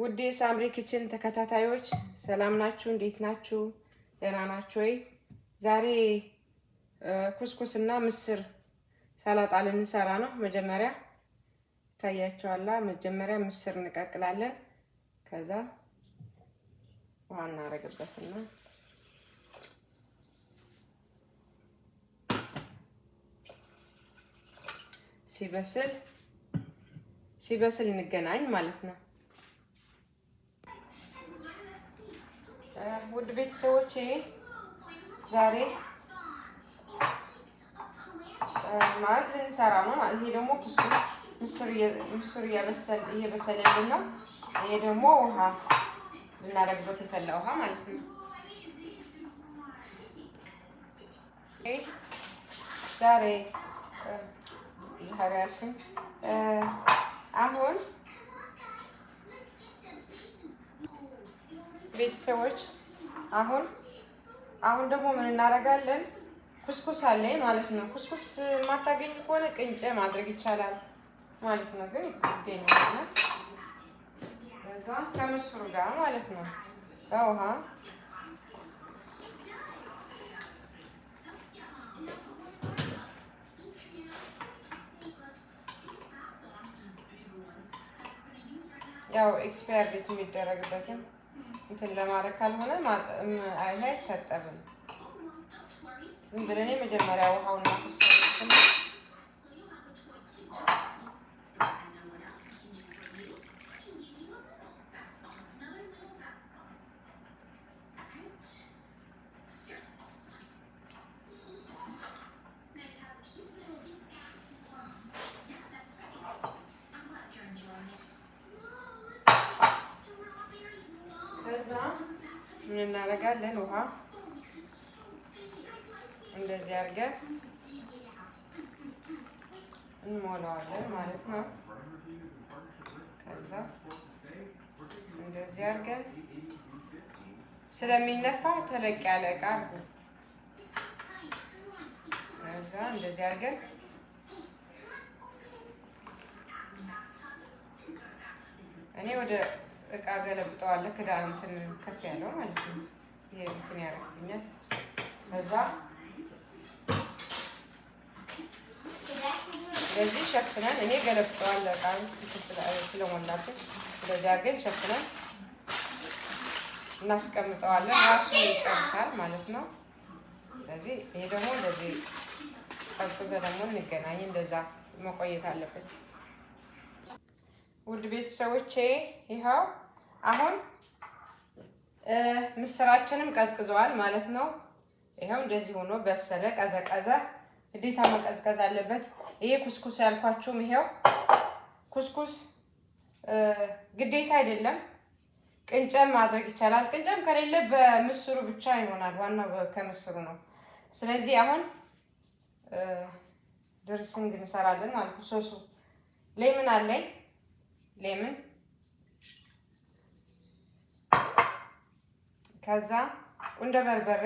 ውዴ ሳምሪ ኪችን ተከታታዮች ሰላም ናችሁ? እንዴት ናችሁ? ደህና ናችሁ ወይ? ዛሬ ኩስኩስ እና ምስር ሰላጣ ልንሰራ ነው። መጀመሪያ ታያችኋላ። መጀመሪያ ምስር እንቀቅላለን። ከዛ ውሃ እናደርግበትና ሲበስል ሲበስል እንገናኝ ማለት ነው። ውድ ቤተሰቦቼ ዛሬ ማለት ልንሰራ ነው። ይሄ ደግሞ ምስር እየበሰለልን ነው። ይሄ ደግሞ ውሃ ልናደርግበት የፈላ ውሃ ማለት ነው። ዛሬ አሁን ቤተሰቦች አሁን አሁን ደግሞ ምን እናደርጋለን? ኩስኩስ አለኝ ማለት ነው። ኩስኩስ የማታገኝ ከሆነ ቅንጨ ማድረግ ይቻላል ማለት ነው። ግን ይገኛል በዛ ከምስሩ ጋር ማለት ነው በውሃ ያው ኤክስፓየርድ የሚደረግበትን እንትን ለማድረግ ካልሆነ ይሄ አይታጠብም። ዝም ብለን መጀመሪያ ውሃውን ምን እናደርጋለን? ውሃ እንደዚህ አድርገን እንሞላዋለን ማለት ነው። ከዛ እንደዚህ አድርገን ስለሚነፋ ተለቅ ያለ እቃ አድርጉ። ከዛ እንደዚህ አድርገን እኔ ወደ እቃ ገለብጠዋለሁ። ክዳኑ እንትን ከፍ ያለው ማለት ነው። ይሄ እንትን ያደርግልኛል። ከዛ ስለዚህ ሸፍነን እኔ ገለብጠዋለሁ። እቃ ስለሞላብን ስለዚህ አድርገን ሸፍነን እናስቀምጠዋለን። ራሱ ይጨርሳል ማለት ነው። ስለዚህ ይሄ ደግሞ እንደዚህ ቀዝቅዘ ደግሞ እንገናኝ። እንደዛ መቆየት አለበት። ውድ ቤተሰቦቼ ይኸው አሁን ምስራችንም ቀዝቅዘዋል ማለት ነው። ይኸው እንደዚህ ሆኖ በሰለ ቀዘቀዘ። ግዴታ መቀዝቀዝ አለበት። ይሄ ኩስኩስ ያልኳችሁም ይሄው ኩስኩስ ግዴታ አይደለም፣ ቅንጨም ማድረግ ይቻላል። ቅንጨም ከሌለ በምስሩ ብቻ ይሆናል። ዋናው ከምስሩ ነው። ስለዚህ አሁን ድርስንግ እንሰራለን ማለት ነው። ሶሱ ሌምን አለኝ ሌምን ከዛ ቁንደ በርበሬ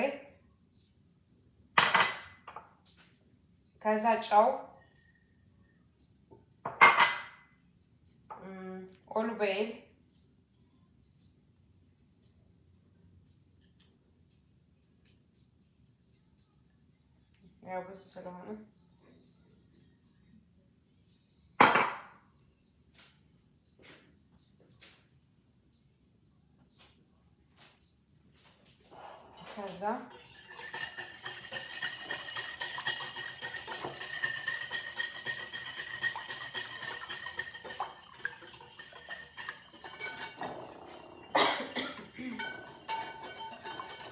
ከዛ ጨው ኦልቬይል ያው ብዙ ስለሆነ ከዛ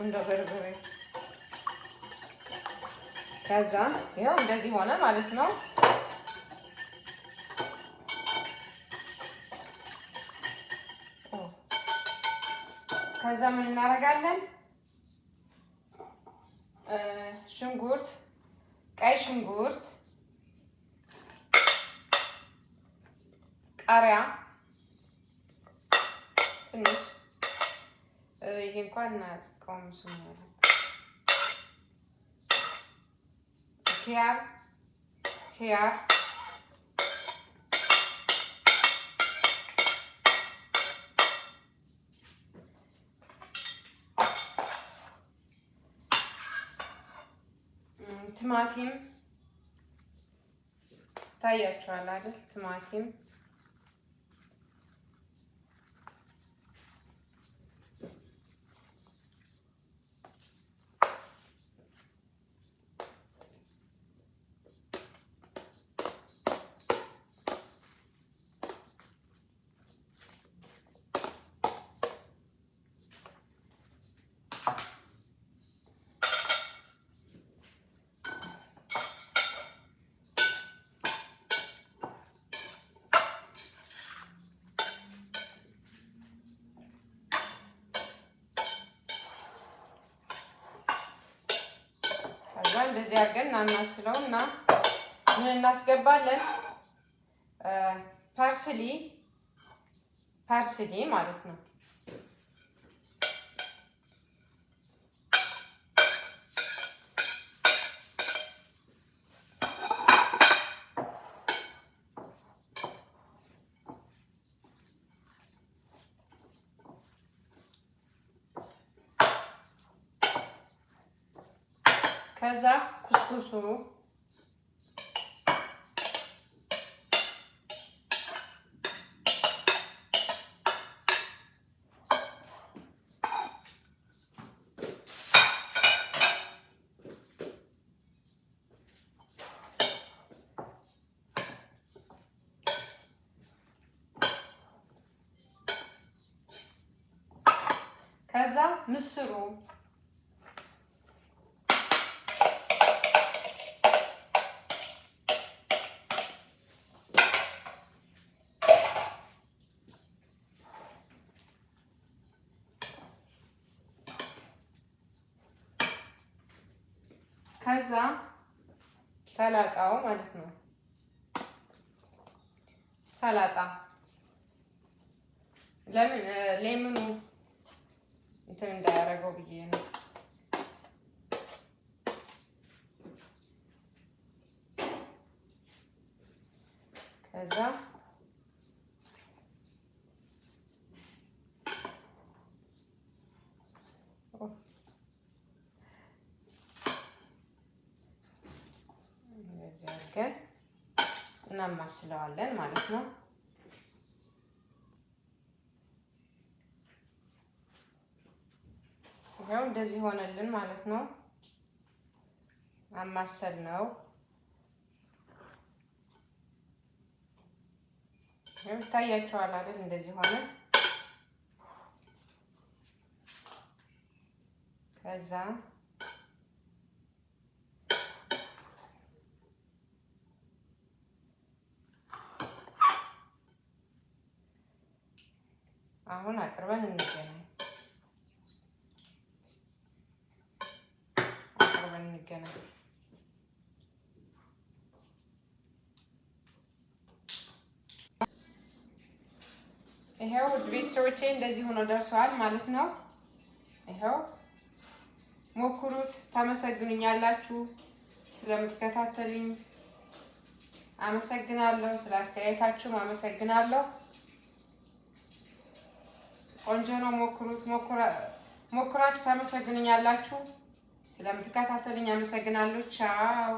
እንደ በርበሬ ከዛ ይኸው እንደዚህ ሆነ ማለት ነው። ከዛ ምን እናደርጋለን? ሽንኩርት፣ ቀይ ሽንኩርት፣ ቃሪያ ትንሽ ይሄ እንኳን እናቀውም ስሙ ኪያር ኪያር Timatim. Tayyar çuvallarda timatim. ይመስላል። እንደዚህ አድርገን እናናስለው እና ምን እናስገባለን? ፓርስሊ ፓርስሊ ማለት ነው። ከዛ ኩስኩሱ ከዛ ምስሩ ከዛ ሰላጣው ማለት ነው። ሰላጣ ለምን ሌምኑ እንትን እንዳያደርገው ብዬ ነው። ከዛ አድርገን እናማስለዋለን ማለት ነው። ይኸው እንደዚህ ሆነልን ማለት ነው። አማሰል ነው። ይታያቸዋል አይደል? እንደዚህ ሆነ። ከዛ አሁን አቅርበን እንገናኝ። አቅርበን እንገናኝ። ይኸው ቤተሰቦቼ እንደዚህ ሆኖ ደርሰዋል ማለት ነው። ይሄው ሞክሩት፣ ታመሰግኑኛላችሁ። ስለምትከታተሉኝ አመሰግናለሁ። ስለ አስተያየታችሁም አመሰግናለሁ። ቆንጆ ነው። ሞክሩት። ሞክራችሁ ታመሰግኑኛላችሁ። ስለምትከታተሉኝ አመሰግናለሁ። ቻው